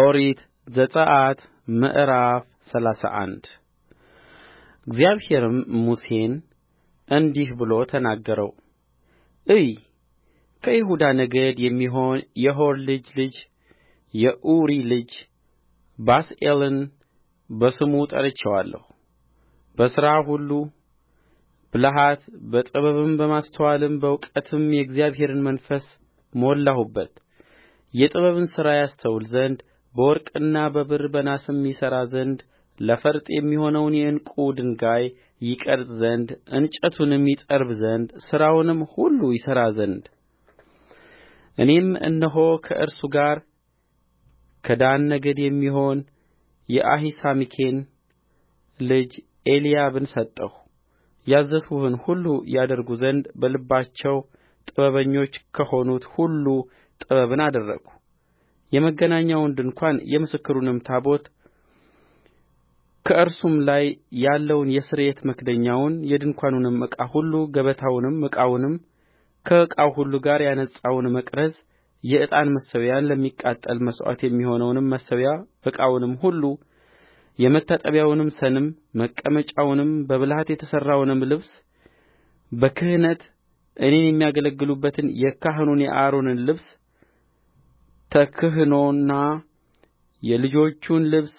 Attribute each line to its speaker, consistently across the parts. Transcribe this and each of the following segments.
Speaker 1: ኦሪት ዘጽአት ምዕራፍ ሰላሳ አንድ እግዚአብሔርም ሙሴን እንዲህ ብሎ ተናገረው እይ ከይሁዳ ነገድ የሚሆን የሆር ልጅ ልጅ የኡሪ ልጅ ባስልኤልን በስሙ ጠርቼዋለሁ በሥራ ሁሉ ብልሃት በጥበብም በማስተዋልም በእውቀትም የእግዚአብሔርን መንፈስ ሞላሁበት የጥበብን ሥራ ያስተውል ዘንድ በወርቅና በብር በናስም ይሠራ ዘንድ ለፈርጥ የሚሆነውን የዕንቍ ድንጋይ ይቀርጽ ዘንድ እንጨቱንም ይጠርብ ዘንድ ሥራውንም ሁሉ ይሠራ ዘንድ እኔም እነሆ ከእርሱ ጋር ከዳን ነገድ የሚሆን የአሂሳሚክን ልጅ ኤልያብን ሰጠሁ ያዘዝሁህን ሁሉ ያደርጉ ዘንድ በልባቸው ጥበበኞች ከሆኑት ሁሉ ጥበብን አደረግሁ የመገናኛውን ድንኳን የምስክሩንም ታቦት ከእርሱም ላይ ያለውን የስርየት መክደኛውን የድንኳኑንም ዕቃ ሁሉ ገበታውንም ዕቃውንም ከዕቃው ሁሉ ጋር ያነጻውን መቅረዝ የዕጣን መሠዊያውን ለሚቃጠል መሥዋዕት የሚሆነውንም መሠዊያ ዕቃውንም ሁሉ የመታጠቢያውንም ሰንም መቀመጫውንም በብልሃት የተሠራውንም ልብስ በክህነት እኔን የሚያገለግሉበትን የካህኑን የአሮንን ልብስ ተክህኖና የልጆቹን ልብስ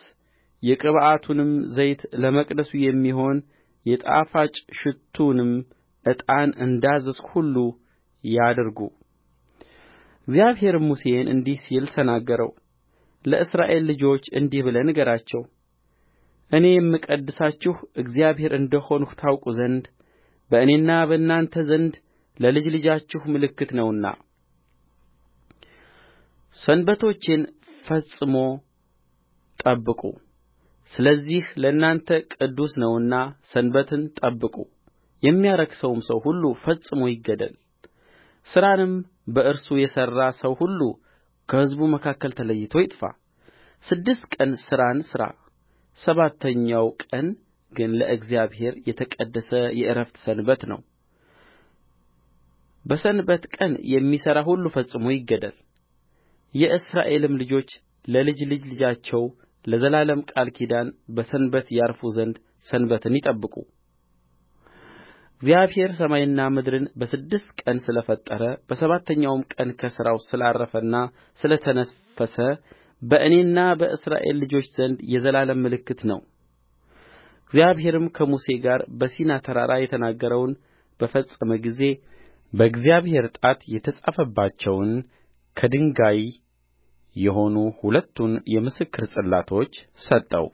Speaker 1: የቅብዓቱንም ዘይት ለመቅደሱ የሚሆን የጣፋጭ ሽቱንም ዕጣን እንዳዘዝሁህ ሁሉ ያድርጉ እግዚአብሔርም ሙሴን እንዲህ ሲል ተናገረው ለእስራኤል ልጆች እንዲህ ብለህ ንገራቸው እኔ የምቀድሳችሁ እግዚአብሔር እንደ ሆንሁ ታውቁ ዘንድ በእኔና በእናንተ ዘንድ ለልጅ ልጃችሁ ምልክት ነውና ሰንበቶቼን ፈጽሞ ጠብቁ ስለዚህ ለእናንተ ቅዱስ ነውና ሰንበትን ጠብቁ የሚያረክሰውም ሰው ሁሉ ፈጽሞ ይገደል ሥራንም በእርሱ የሠራ ሰው ሁሉ ከሕዝቡ መካከል ተለይቶ ይጥፋ ስድስት ቀን ሥራን ሥራ ሰባተኛው ቀን ግን ለእግዚአብሔር የተቀደሰ የዕረፍት ሰንበት ነው በሰንበት ቀን የሚሠራ ሁሉ ፈጽሞ ይገደል የእስራኤልም ልጆች ለልጅ ልጅ ልጃቸው ለዘላለም ቃል ኪዳን በሰንበት ያርፉ ዘንድ ሰንበትን ይጠብቁ እግዚአብሔር ሰማይንና ምድርን በስድስት ቀን ስለ ፈጠረ በሰባተኛውም ቀን ከሥራው ስላረፈና ስለ ተነፈሰ በእኔና በእስራኤል ልጆች ዘንድ የዘላለም ምልክት ነው እግዚአብሔርም ከሙሴ ጋር በሲና ተራራ የተናገረውን በፈጸመ ጊዜ በእግዚአብሔር ጣት የተጻፈባቸውን ከድንጋይ የሆኑ ሁለቱን የምስክር ጽላቶች ሰጠው